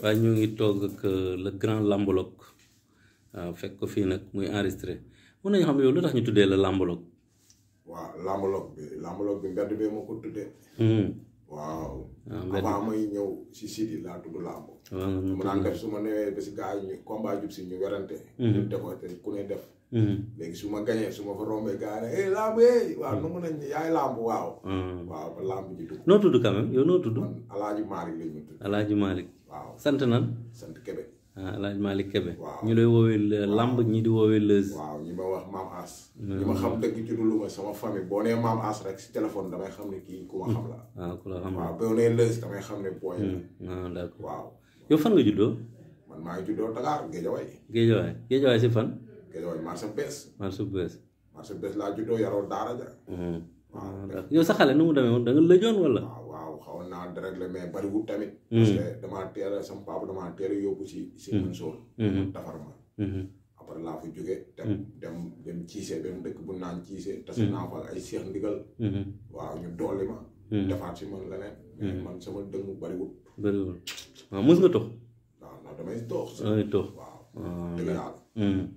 waaye ñu ngi toog ak euh, le grand lambologue waaw fekk ko fii nag muy enregistré mun nañu xam lu tax ñu tuddee la lambologue. waaw lambologue bi lambologue bi mbedd bee ma ko tuddee. Hmm. waaw. Ah, avant may ñëw si sidi laa tudd lamb. waaw mu naan def su ma ba si gars ñu combat jub ñu werante. Hmm. ku ne def. Mm-hmm. léegi su ma gañee su ma fa rombee gars yi ne eh, mm-hmm. yaay lamb waaw. Mm-hmm. waaw ba lamb yow noo tudd. man Alaaji sant nan. sant kebe ah El Hadj waaw ñu lay woowee lamb ñi di woowee lëz. waaw ñi ma wax maam As. ñi ma xam dëgg ci lu ma sama famille boo nee maam As rek si téléphone damay xam ne kii ku ma xam la. Ah, waaw boo nee lëz damay xam ne booy la. Ah, yow fan nga juddoo. man maa ngi juddoo Dakar Géejawaay. Géejawaay Géejawaay si fan. Géejawaay marché bees. marché bees. marché juddoo yaroo daara ja. waaw yow xale nu mu demee woon tamit. parce que damaa ah, ah, a sama papa damaa teel a si si Mansour. defar ma. après laa fa jóge dem dem dem ciisee benn dëkk bu naan ciisee. tase naa fa ay seex ndigal. waaw ñu dolli ma. defaat si man ah, leneen. mais man sama dëng bariwul. bariwul waaw nga tox. waaw non damay tox. damay tox waaw dëgg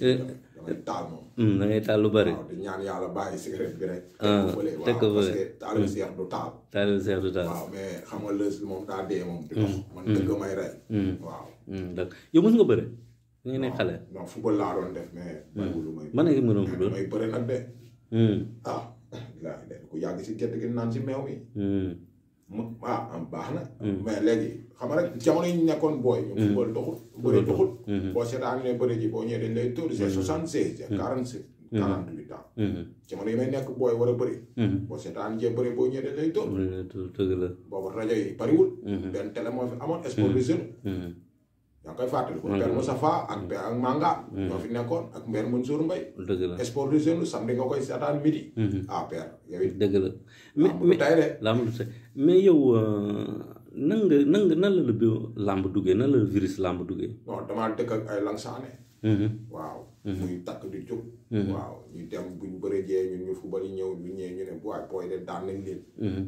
Eh, da ngay taal moom. Hmm, da ngay taal lu bari. waaw di ñaan yàlla bàyyi cigarette bi rek. Ah, teg ko parce que taalibu hmm. seex du taal. taalibu seex du taal waaw mais xam nga lës moom daa dee moom. di dox hmm. man dëgg may rey. waaw. donc yow mës nga bëre. ñu ngi nekk xale. non football laa doon def mais. man nag ma doon football may bëre nag de. ah alhamdulilah ku yàgg si gerte gi naan si meew mi. mu ah baax na. mais léegi. xam nga rek jamono yi ñu nekkoon booy. ñu football doxut bëri doxut. boo seetaan ne bëri ji boo ñëwee dañ lay tóor c'est soixante seize. quarante sept quarante huit ans. jamono yi may nekk booy war a bëri. boo seetaan jee bëri boo ñëwee dañ lay tóor. dëgg la boobu rajo yi bariwul. benn télé moo fi amoon sport de jeune. yaa ngi koy fàttali ko Père Moussa Fa ak ak Manga. ñoo fi nekkoon ak Mbaye. dëgg la samedi nga koy seetaan midi. ah yow it. dëgg la mais mais mais yow. nan nga nan nan la la bio làmb duggee nan la la làmb duggee. non damaa dëkk a ay langsaane. Mm-hmm. waaw. Mm-hmm. muy takk di jóg. Mm-hmm. waaw ñu dem buñ bëree ñu fubal yi ñëw ñu ñëwee ñu ne waaye booy de daan nañ leen.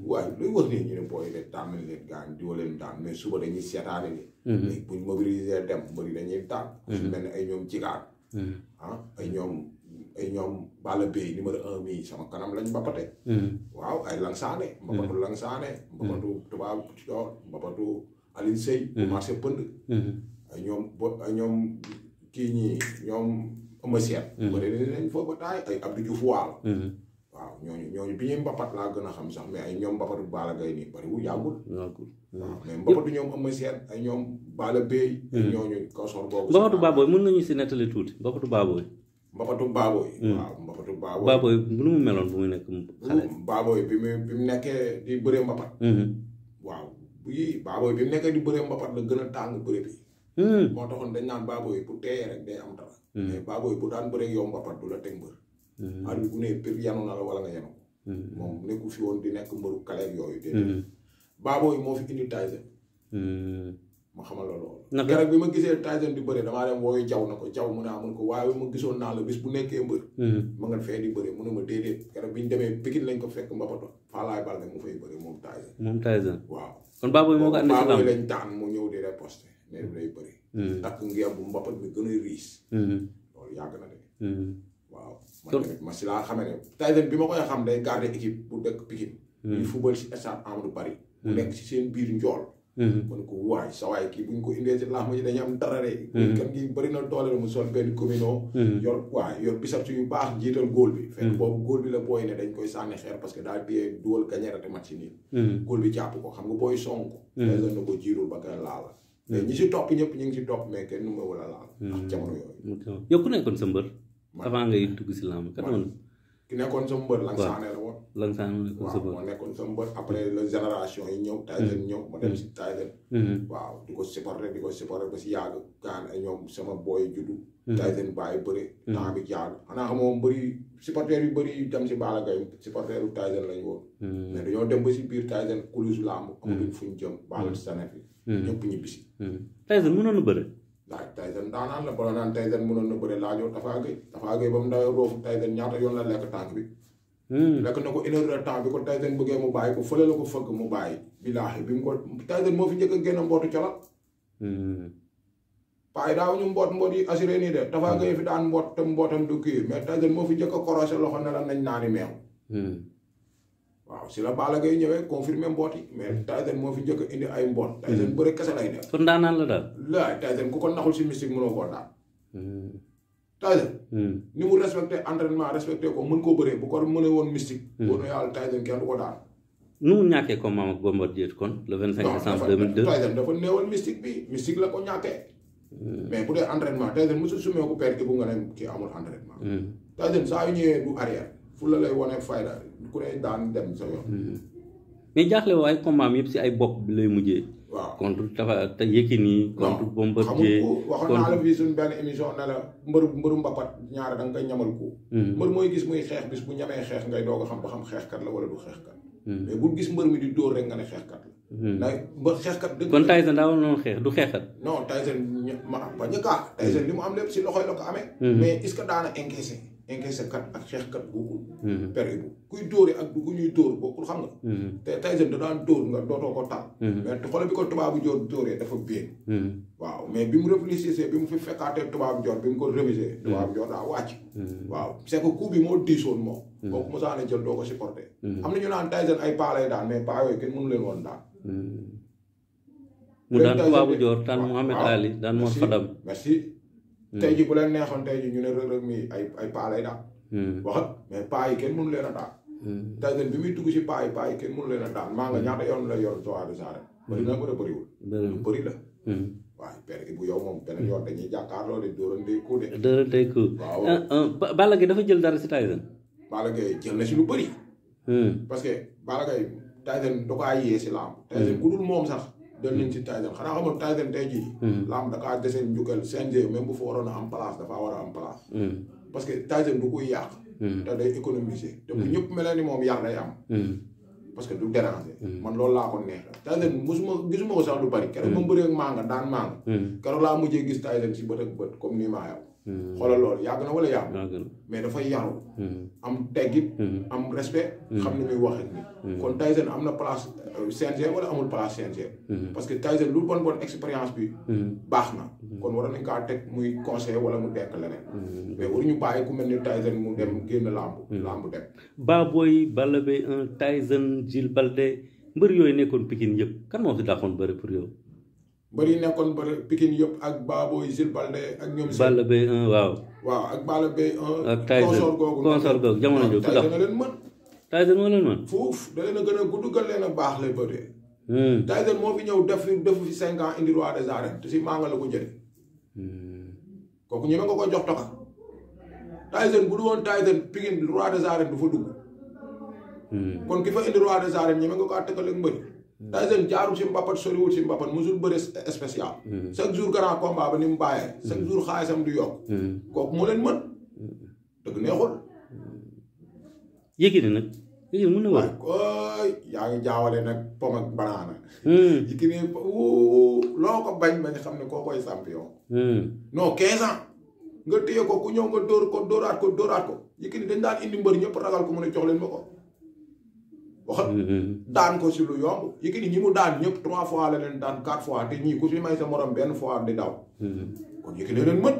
waaye luy wax nii ñu ne booy de daan nañ leen gaan diwa leen daan mais suba dañuy seetaane ni. léegi buñ mobiliser dem mbëri dañuy daan. su mel ay ñoom jigaat. ah ay ñoom ay ñoom Balla Beye numéro un sama kanam lañ ba pate. waaw ay Langsane. mbapatu Langsane. mbapatu tubaab ci kaw mbapatu Alioune Seye. marché pënd. ay ñoom bo ay ñoom kii ñii ñoom Amacem. bëri nañ foofu taay ay Abdou Diouf Waal. waaw ñooñu ñooñu bi ñuy mbapat laa gën a xam sax mais ay ñoom mbapatu Baala Gaye nii bëri wu yàggul. yàggul waaw mais mbapatu ñoom Amacem ay ñoom Baala Bey. ñooñu kaw soor boobu. mbapatu Baboy mën nañu si nettali tuuti mbapatu Baboy. Mbapatu Baboy. Hmm. waaw Mbapatu Baboy. Baboy bu nu mu meloon bu muy nekk xale. Hmm, bi mu bi mu nekkee di bëree Mbapat. Hmm. waaw yii Baboy bi mu nekkee di bëree Mbapat la gën a tàng bëri bi. moo taxoon dañ naan Baboy bu teeyee rek day am dara. mais Baboy bu daan bëree yow Mbapat du la teg mbër. àll bu pir yanu na la wala nga yanu. moom nekku fi woon di nekk mbëru kaleeg yooyu. déedéet Baboy moo fi indi Tyson. ma xamal la loolu. naka keroog bi ma gisee Tyson di bëri damaa dem wooyu jaww na ko jaww mu ne ah mun ko waaye ma gisoon naa la bis bu nekkee mbër. Mm-hmm. ma bi demee Pikine lañ ko fekk Mbapato Fallaye Balde mu fay bëri moom Tyson. moom Tyson waaw. kon moo ñëw di riposte ne mm-hmm. bu Mbapat bi gën a riis. Mm-hmm. loolu yàgg na de. ma si laa ne Tyson bi ma koy xam day garder équipe bu dëkk Pikine. di football si nekk si seen biir njool Mm-hmm. kon ko waay sa waay kii bu ñu ko indee ci laax ci dañu am dara de. Mm-hmm. kan gi bëri na doole la mu sol benn communoo mm-hmm. yor waay yor bisabtu yu baax jiital góol bi fekk boobu góor bi la booy ne dañ koy sànni xeer parce que daal biyee duwal gañerate mat ci nii góol bi jàpp ko xam nga booy song ko dagan ko jiirul ba ka laala mais ñi si topp ñëpp ñu ngi si topp mais kenn nu ma wala laal ndax jamono yooyu yow ku nekkoon sa mbër avant ngay dugg si làmb kan ki nekkoon sa mbër Langsane la woon. Langsane nekkoon sa mbër nekkoon sa mbër après la génération yi ñëw. Tyson mm. ñëw mu dem mm. si Tyson. Mm-hmm. waaw di ko supporter di ko supporter ba si yàgg gaan ay ñoom sama booy juddu. Mm-hmm. Tyson bàyyi bëri. Mm-hmm. temps bi jàll xanaa xamoo supporter yu bëri yu dem si Balla Gaye supporter yu Tyson lañ woon. mais dañoo dem ba si biir Tyson kulus làmb. amatuñ fuñ jëm. Balla Gaye fi. ñëpp ñibbisi. Tyson mënoon na bëri. laaj Tyson daanaan la bala naan Tyson mënoon na bëre laajoo Tapha Gueye Tapha Gueye ba mu dawee roofu Tyson ñaata yoon la lekk tànk bi. Hmm. lekk na ko une heure de temps bi ko Tyson bëggee mu bàyyi ko fële la ko fëgg mu bàyyi. bilaahi bi mu ko Tyson moo fi njëkk a génn mbootu cala. Hmm. paay daaw ñu mboot mboot yi assuré nii de Tapha Gueye fi daan mboot te mbootam du kii mais Tyson moo fi njëkk a korosé loxo ne la nañ naani meew. Hmm. waaw si la Balla ngay ñëwee confirmé mboot yi mais Tyson moo fi njëkk indi ay mboot. Hmm. Tyson bëre kese lay def. kon daanaan la daal. laay Tyson si mystique mënoo koo daal. Hmm. Tyson. Hmm. ni respecté ko mën koo bëree bu ko mënee woon mystique. boo na yàlla du ko kon le 25 décembre 2002. Tyson dafa bu dee entraînement Tyson mosul sumee ko perte bu nga ne kii saa yu ñëwee du arrière fu la lay wane fayda. ku lay daan dem sa yoon. Hmm. mais jaaxle waaye combat am yëpp si ay bopp bi lay mujjee. waaw contre Tapha Yékini. contre Bombardier waxoon naa la fii suñ benn émission ne mbër mbëru mbëru ñaar ñaara da nga koy ñamal ko. Hmm. mbër mooy gis muy xeex bis bu ñamee xeex ngay doog a xam ba xam xeexkat la wala du xeex hmm. mais bul gis mbër mi di dóor rek nga ne xeexkat kon Tyson daa xeex du xeexkat. non Tyson ña ma mu am lépp si loxoy la ko amee. mais est-ce que daana encaissé. encaissé kat ak xeexkat bokkul. Mm-hmm. péré bu kuy dóore ak bu ñuy dóor bokkul xam nga. Mm-hmm. te Tyson da daan dóor nga dootoo ko taal. Mm-hmm. mais xoolal bi ko tubaabu joor dóoree dafa bien. waaw mais bi mu réfléchir bi mu fi fekkaatee tubaabu joor bi mu ko révisé. tubaabu joor daa wàcc. waaw moo diisoon moom. kooku jël doo ko supporté. am na ñu naan Tyson ay paa lay daan mais paa yooyu kenn mënu woon daan. mu daan tubaabu joor daan Mouhamed Ali daan Mor Fadam Hmm. tey bu leen neexoon tey ñu ne Reug Reug mi ay ay paa hmm. wax mais paa yi kenn mënu leen a daan. Hmm. Tyson bi muy dugg si paa yi paa kenn mënu leen a daan maa nga ñaata yoon la yor droit de genre. bëri na bëri bëriwul. lu bëri la. waaw benn bu yow moom benn yoon dañuy jàkkaarloo de dóorantey ku ah, ah, dafa jël dara si Tyson. Balla jël na si lu bëri. parce que Balla Gaye Tyson da si làmb. Tyson ku dul moom sax. doon nañ ci Tyson xanaa xamoon Tyson tey jii. Hmm. lamb da kaa dese njukkal CNG même bu fa waroon a am place dafaa war a am place. Hmm. parce que Tyson du koy yàq. te hmm. day économiser. te bu ñëpp ni moom yàq day am. parce que du déranger. man loolu laa ko neex. Tyson mosuma gisuma ko sax lu bari. keroog ma bëree ak manga daan manga. keroog laa mujjee gis si bët ak bët comme ni maa Hmm. xoolal loolu yàgg na wala yàgg mais dafa yaru hmm. am teggit hmm. am respect xam ne muy wax ak ni kon Tyson am na place euh, CNG wala amul place CNG parce que Tyson lu bon bon expérience bi baax na kon waroon nañ kaa teg muy conseil wala mu dekk leneen mais waruñu bàyyi ku mel ni Tyson mu dem génn làmb làmb dem Baboy Balla Gaye 1 Tyson Gilles Balde mbër yooyu nekkoon Pikine yëpp kan moo si dàqoon bëri pour yow mbëri yi nekkoon bëri Pikine yëpp ak Baboy Jules Balde ak ñoom. Balla Beye 1 waaw. waaw ak Balla Beye 1. googu jamono jooju. ku tax Tyson leen mën. Tyson moo leen mën. fuuf da leen a gën a gudd gën leen a baax lay bëree. Hmm. Tyson moo fi ñëw def fi defu fi cinq ans indi roi des arènes te nga ko jëlee. Hmm. kooku ñeme nga ko jox toxa. Tyson bu du dugg. Hmm. kon ki fa indi roi des arènes ñeme nga ko àttakale mbëri. Tyson jaarul si mbappat soriwul si mbappat musul bëre spécial. Mm-hmm. chaque jour grand combat ba ni mu bàyyee. Mm-hmm. chaque jour xaalisam du yokk. Mm-hmm. kooku moo leen mën. dëgg neexul. Yékini nag Yékini nag pom ak banaana. Mm. Yékini loo ko bañ bañ xam ne koo koy champion. Mm. non 15 nga téye ko ku ñëw nga dóor ko dóoraat ko dóoraat ko Yékini dañ daan indi mbër ñëpp ragal ko mu ne jox leen ma ko. Mm, mm. daan ko si lu yomb Yékini ñi mu daan ñëpp trois fois la leen daan quatre fois te ñii ku si may sa morom benn fois di daw. Mm, kon Yékini leen mën.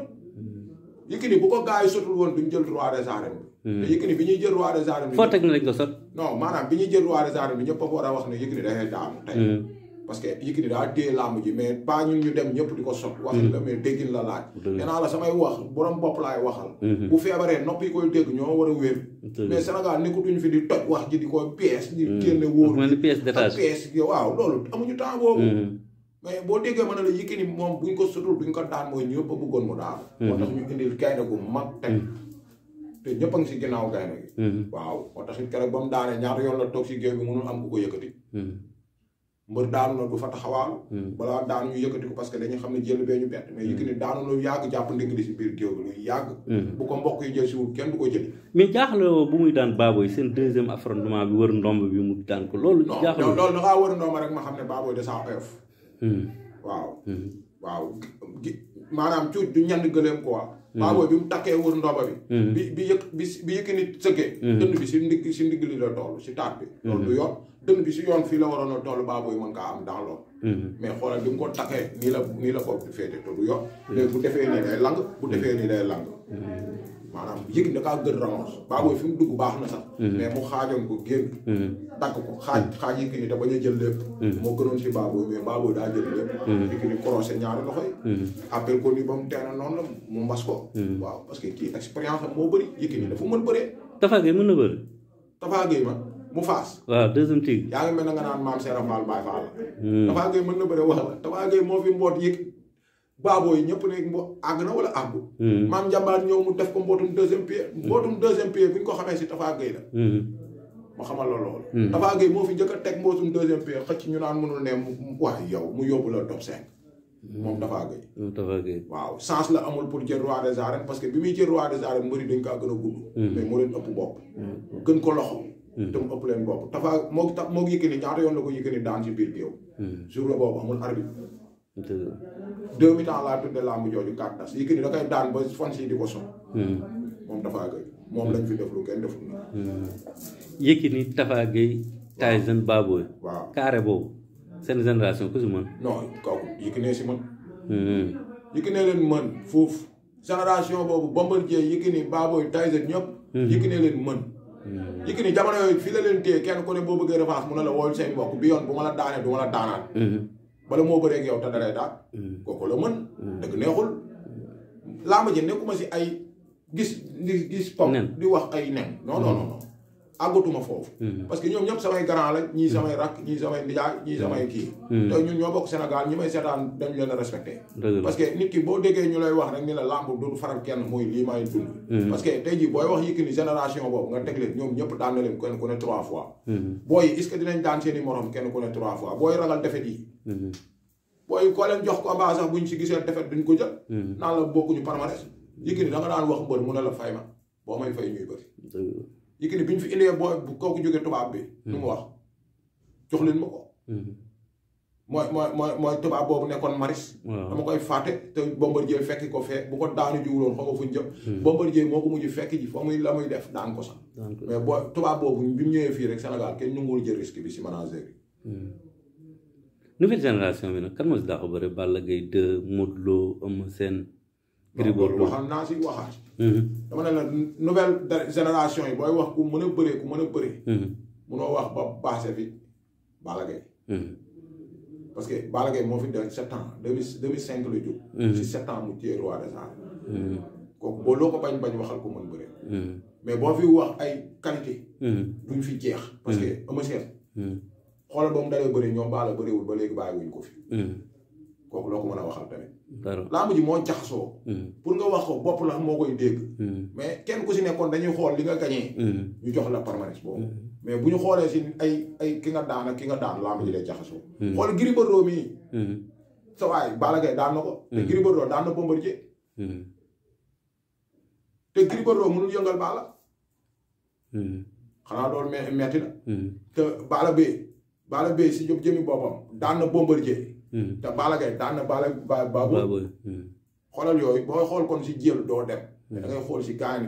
Yékini bu ko gars sotul woon duñ jël roi des arènes bi. te Yékini bi ñuy jël roi des arènes bi. foo teg na lañ ko sot. non maanaam bi ñuy jël roi des arènes bi ñëpp a war a wax ne Yékini dafay daanu tey. parce que Yékini daa téye làmb ji mais pas ñun ñu dem ñëpp di ko sot wax la mais déggin la laaj nee naa la samay wax borom bopp laay waxal mm-hmm. bu feebaree nopp yi koy dégg ñoo war a wér mais Sénégal nekkutuñu fi di toj wax ji di ko pièce di mm. génne wóor pièce waaw loolu amuñu temps boobu mm-hmm. mais boo déggee ma ne la Yékini moom buñ ko sutul buñ ko daan mooy ñëpp a bëggoon mu daal mm-hmm. moo tax ñu indil gaynde gu mag teg te ñëpp a ngi si ginnaaw gaynde gi waaw moo tax it keroog yoon la toog si géew mbër daanu na du fa taxawaalu hmm. balaa daanu ñu yëkkati ko parce que dañuy xam ne jël bee ñu bett mais hmm. yëkkati daanu lu yàgg jàpp ndig li si biir géew bi lu yàgg hmm. bu ko mbokk yi jël si wut kenn du ko jëli mais jaaxle bu muy daan baabooy seen deuxième affrontement bi wër ndomb bi mu daan ko loolu jaaxle loolu dangaa wër rek ma xam ne baabooy da saa oyof waaw maanaam cuuj du ñenn gëleem quoi baa bi mu takkee wër ndomba mm-hmm. bi bi bi yëkk bi bi yëkki nit sëggee mm-hmm. dënn bi si ndigg si ndigg li la toll si taat bi mm-hmm. loolu du yoon dënn bi si yoon fii la waroon a toll baa booy mën kaa am ndax mais xoolal bi mu ko takkee nii la nii la ko féete te du yoon léegi bu defee nii day lang bu defee nii day lang maanaam yëg na kaa gën ramasse baabooy fi mu dugg baax na sax. Mm-hmm. mais mu xaajoon ko génn. Mm-hmm. takk ko xaaj mm-hmm. xaaj yi ni te bañ jël lépp. moo gënoon si baabooy mais baabooy daa jël lépp. a noonu la mu parce que kii expérience moo bëri yëg ni dafa mën bëree. Tapha Gueye mën na bëri. Tapha mu faas. waaw deuxième tigre. yaa ngi mel na nga naan maam Serap Fall Baye Fall. Mm. Tapha Gueye mën na bëri wala Tapha Gueye moo fi mboot yëg. baaboo yi ñëpp ne mu àgg na wala àggul. Hmm. maam njàmbaar ñëw mu def ko mbootum deuxième pied. Hmm. mbootum deuxième pied bu ñu ko xamee si Tafa Gueye la. Hmm. ma xamal la loolu. Tafa Gueye moo fi njëkk a teg mbootum deuxième pied xëcc ñu naan mënul ne mu mu yóbbu la top 5. moom waaw chance la amul pour jël roi des parce que bi muy jël roi des arènes mbëri dañ kaa gën a gudd. mais moo leen ëpp bopp. gën ko loxo. te mu ëpp leen bopp Tafa moo moo yëkkani ñaata yoon la ko yëkkani daan ci biir géew. jour la boobu amul arbitre deux mi temps laa tudde làmb jooju yi ki ni da koy daan ba fan si di ko son hmm. moom Tapha Gueye moom lañ fi def lu kenn deful na hmm. Yékini Tapha Gueye Tyson Baboye waaw carré boobu seen génération ku si mën non kooku Yékini si mën hmm. Yékini leen mën foofu génération boobu Bombardier Yékini Baboye Tyson ñëpp Yékini leen mën Yékini jamono yooyu fii la leen bëggee revanche mu ne la wool seen bokk bi yoon bu la daanee du la daanaat bala moo bëreeg yow ta dalay daal. Mm. kooku la mën. Mm. dëgg neexul. laa ma jël nekkuma si ay gis gis. nen di wax ay nen non non àggatuma foofu. Mm-hmm. parce que ñoom ñëpp samay grand la ñii samay rakk ñii samay ndijaay ñii mm-hmm. samay kii. Mm-hmm. te ñun ñoo bokk Sénégal ñi may seetaan dañu leen a respecté. parce que nit ki boo déggee ñu lay wax rek ni la làmb du faral kenn muy lii may dund. parce que tey jii booy wax Yékini génération boobu nga teg leen ñoom ñëpp daan na leen kenn ku ne trois fois. booy est ce que dinañ daan seen i morom kenn ku ne trois fois booy ragal defet yi. booy koo leen jox ko combat sax buñ gisee defet duñ ko jël. naan la bokkuñu palmarès Yékini da nga daan wax mbër mu Yékini bi ñu fi indee booy bu kooku jógee tubaab bi. lu mu hmm. wax jox ma ko. Hmm. mooy mooy mooy mooy tubaab boobu nekkoon maris dama koy fàtte te Bombardier fekki ko fee bu ko daanu jiwuloon xaw ma fu ñu jëm. Hmm. Bombardier moo ko mujj fekk ji fa muy la muy def daan ko sax. mais booy tubaab boobu bi ñëwee fii rek Sénégal kenn nanguwul jël risque bi si manager bi. nouvelle génération bi nag kan moo si daaw a bëri Balla Gaye 2 Modou Lo Eumeu Sène Gris Bordeaux waxal naa si waxaat. Mhm. dama ne la nouvelle génération yi booy wax ku mën a bëree ku mën a bëree. Mhm. munoo wax ba baase fi Balla Gaye. Mhm. parce que Balla Gaye moo fi def sept ans deux mille cinq la jóg. si sept ans mu téye roi des arènes. kooku boo loo ko bañ bañ waxal ko mën bëree. mais boo fi wax ay qualité. duñ fi jeex. parce que Eumeu Sène. xoolal ba mu dalee bëri ñoom Balla bëriwul ba léegi bàyyiwuñ ko fi. kooku loo ko mën a waxal tamit. làmb ji moo jaxasoo. Hmm. pour nga wax ko bopp la moo koy dégg. Hmm. mais kenn ku si nekkoon dañuy xool li nga gañee. Hmm. ñu jox la palmarès boobu. mais bu ñu xoolee si ay ay ki nga daan ak ki nga daan làmb ji lay jaxasoo. xool Gris Bordeaux mii. sa waay Balla Gaye daan na ko. te Gris Bordeaux daan na Bombardier. te Gris Bordeaux mënul yëngal Balla. xanaa loolu metti na. te Balla Gaye Balla Gaye si jëm jëmi boppam daan na Bombardier. Hmm. te Balla Gaye daan na Balla Ba Baboy. Hmm. xoolal yooyu boo xool kon si jéelu doo dem. Hmm. da ngay xool si kaani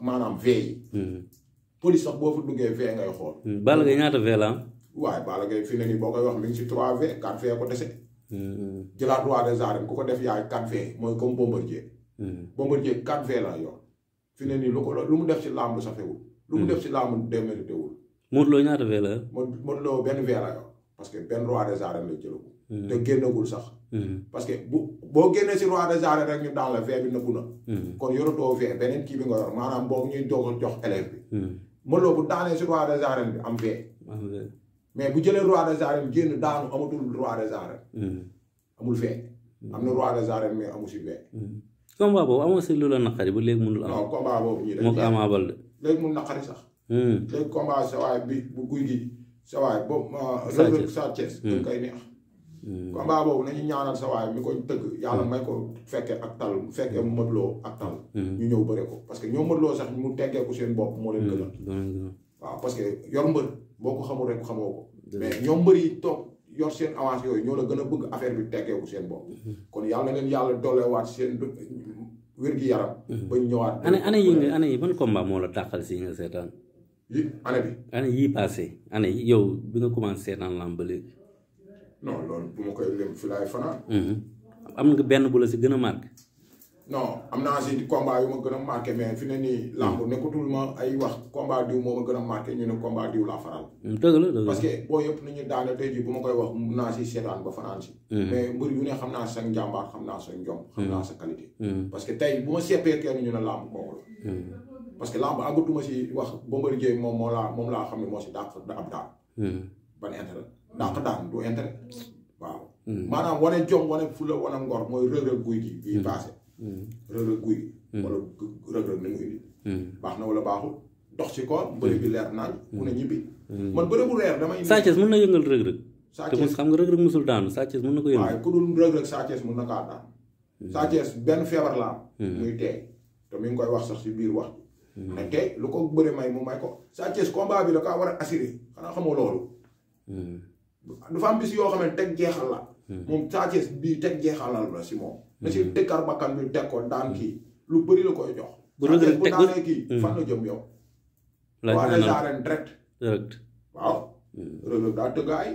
maanaam veille yi. police sax boo fa duggee veille ngay xool. Balla Gaye ñaata veille la waaye Balla Gaye fi ne nii boo koy wax mi ngi si 3 veille 4 veille ko dese. jëlaat roi des arènes ko def yaay 4 veille mooy comme Bombardier. Bombardier 4 veille la yor fi ne nii lu ko lu mu def si làmb safewul. lu mu def si làmb démérité wul. Modou Lo ñaata veille la. Modou Lo benn veille la yor benn roi des arènes la jëlagul. te génnagul sax. parce que bu boo génnee si roi de arènes rek ñu daal la vee bi nëbbu na. kon yoratoo vee beneen kii bi nga yor maanaam boobu ñuy doog a jox élève bi. mënoo bu daanee si roi de arènes bi am vee mais bu jëlee roi de des bi génn daanu amatul roi de arènes. amul vee am na roi de arènes mais amu si vee combat boobu amoo si lu la naqari ba léegi mënul am. non combat boobu ñu def moo ko amaabal de léegi mu naqari sax. léegi combat sa waay bi bu guy gi sa waay boobu. Sa Thiès Sa Thiès. dañ koy neex. Hmm. combat boobu nañu ñaanal sa waay mi ko tëgg yàlla hmm. may ko fekkee ak tal mu fekke mu hmm. mëtloo ak tal ñu ñëw bëre ko parce que ñoo mëtloo sax mu teggee ko seen bopp moo leen gënal waaw parce que yor mbër boo ko xamul rek xamoo ko mais ñoom mbër yi toog yor seen avance yooyu ñoo la gën a bëgg affaire bi teggee ko seen bopp kon yàlla leen yàlla dooleewaat seen wér gi yaram ba ñëwaat année année yi nga année yi ban combat la tàqal si nga seetaan yi année bi année yii passé année yow bi nga commencé seetaan lamb non loolu bu ma koy lim fi laay fanaan. Mm-hmm. am nga benn bu la si gën a marqué. non am naa si combat yu ma gën a marqué mais fi ne nii. làmb mm-hmm. nekkatul ma ay wax combat diw moo ma a ñu ne combat diw laa mm, parce que boo yëpp nañu daane tey jii bu ma koy wax mun naa si seetaan ba fanaan si. Mm-hmm. mais mbir yu ne xam naa sa njàmbaar xam naa sa njom. xam naa sa tey bu ma ñu ne làmb parce que làmb àggatuma si wax Bombardier moom moo laa moom laa xam ne moo si dàq ab daal. ban intérêt dàq daan du intérêt mm. waaw mm. maanaam wane jom wane fula wane ngor mooy rëg-rëg guy gi bii mm. passé rëg-rëg guy gi wala rëg-rëg ni mu indi baax na wala baaxul dox ci koor mbëri bi ñibbi man bëri bu leer damay Sa Thiès mën na Sa Thiès xam nga rëg-rëg musul daanu Sa Thiès Sa Thiès na kaa daan Sa benn feebar la wax sax si biir wax lu ko bëri may mu may ko Sa Thiès combat bi da kaa war a assuré xanaa xamoo loolu Hmm. dafa am bis yoo xam ne teg jeexal la. Hmm. moom Sa bii teg jeexalal la si moom. Hmm. da si tëkkar bakkan bi teg ko daan kii lu bëri la koy jox. bu rëgg bu daanee kii fan la yow. laaj na la direct. direct waaw. tëggaay.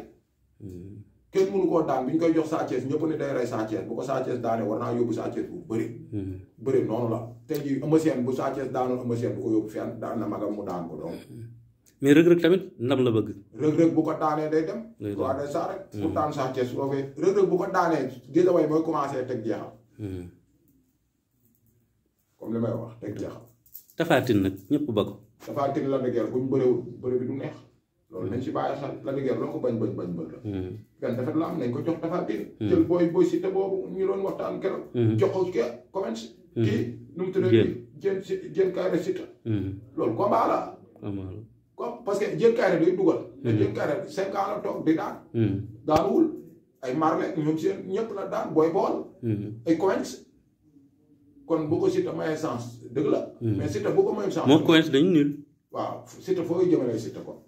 kenn mënu koo daan bi ñu koy jox Sa Thiès ñëpp ne day rey Sa Thiès bu ko Sa Thiès war naa yóbbu Sa bu bëri. bëri noonu la te jii Eumeu Sène bu Sa Thiès daanoon bu ko yóbbu fenn daan na magam mu daan ko doon. mais rëg-rëg tamit ndam la bëgg rëg-rëg bu ko daanee day dem waa day sax rek hmm. pour daan sax Thiès loo fee rëg-rëg bu ko daanee Guédiawaye mooy commencé teg jeexal hmm. comme li may wax teg jeexal Tapha Tine nag ñëpp ba ko Tapha Tine la dëgër buñ bëree bëri bi du neex loolu nañ si bàyyi xel la dëgër loo ko bañ bañ bañ bañ la gan hmm. defet la am nañ ko jox Tapha Tine jël booy booy si te boobu ñu doon waxtaan keroog jox ko ke commence kii nu mu tuddee jën si jën kaay la si loolu combat la comme parce que jël carré day dugal. te mm-hmm. jël carré cinq ans la toog di daan. Mm-hmm. daanuwul ay marle ñoom seen ñëpp la daan booy bool. Mm-hmm. ay coins kon bu ko Siteu mayee sens dëgg la. mais Siteu bu ko mayee sens. moom coins dañu nul. waaw Siteu foo koy jëmalee Siteu ko.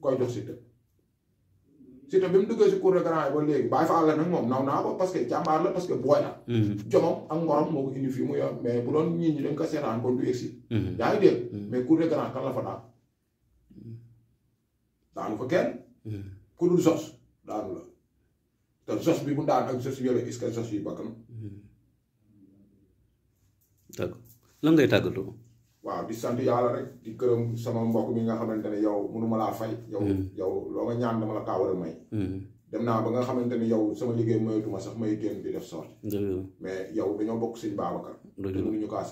koy jox Siteu. Siteu bi mu duggee si cour de grand ba léegi bàyyi fa àll nag moom naw naa ko parce que jàmbaar la parce que booy la. jomam ak ngorom moo ko indi fii mu yor mais bu doon ñii ñu dañ ko seetaan kon du egsi. yaa ngi dégg mais cour de grand kan la fa daal. daanu ko kenn. Hmm. ku dul sos daanu la te sos bi bu daan ak sos yore est-ce que sos yi bakk na. d'accord hmm. lan ngay tàggatoo. waaw di sant yàlla rek di këram sama mbokk mi nga xamante ne yow mënuma laa fay. yow hmm. yow loo nga ñaan dama la kaa a may. dem na ba nga xamante ni yow sama liggéey moytuma sax may génn di def sorti mais yow dañoo bokk suñ baabakar te mënuñu kaa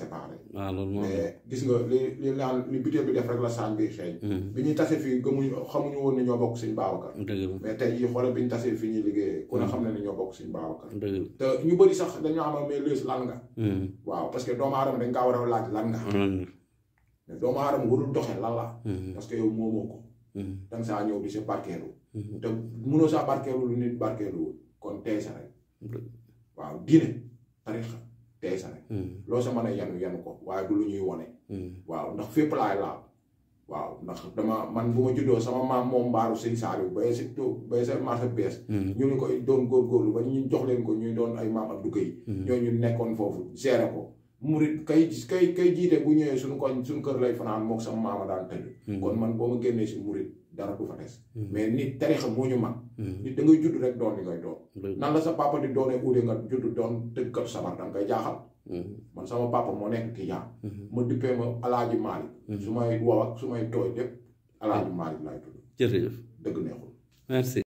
ah, mais gis nga li li naan li buté bi def rek la saan bi xeeñ hmm. bi ñuy tase fii gëmuñu xamuñu woon ne ñoo bokk suñ baabakar mais tey jii xoolal bi ñu tasee fii ñuy liggéeyee hmm. ku ne xam ne ne ñoo bokk suñ baabakar te ñu bëri sax dañoo amal mais lees lan nga hmm. waaw parce que doomu aadama dañ kaa war laaj lan nga mais doomu aadama warul doxe lan la parce que yow moomoo ko danga saa di si parkeeru Mhm. te mënoo saa barkeelu lu nit barkeeluwul kon tey sa rek. Mhm. waaw diine tarixa tey sa mhm. loo sa mën a yanu yanu ko waaye du lu ñuy wone. waaw ndax fépp laay laal. waaw ndax dama man bu ma juddoo sama maam moom mbaaru sëñ Saliou bay si bay sa marché bees ñu ngi koy doon góorgóorlu ba ñu jox leen ko ñuy doon ay maam ak dugg yi ñu nekkoon foofu gérer ko murit kay kay kay jiite bu ñëwee suñu ko suñu kër lay fanaan mook sama maama daan tëdd hmm. kon man boo ma génnee si murit dara du fa des hmm. mais nit tarixa moo ñu mag hmm. nit da ngay judd rek doon di ngay doon nan la sa papa di doonee ude nga judd doon tëggkat sabar danga koy jaaxal man sama papa moo nekk tijaan ma dippee ma alaaji maalik su may wow ak su may tooy lépp alaaji maalik laay tudd dëgg neexul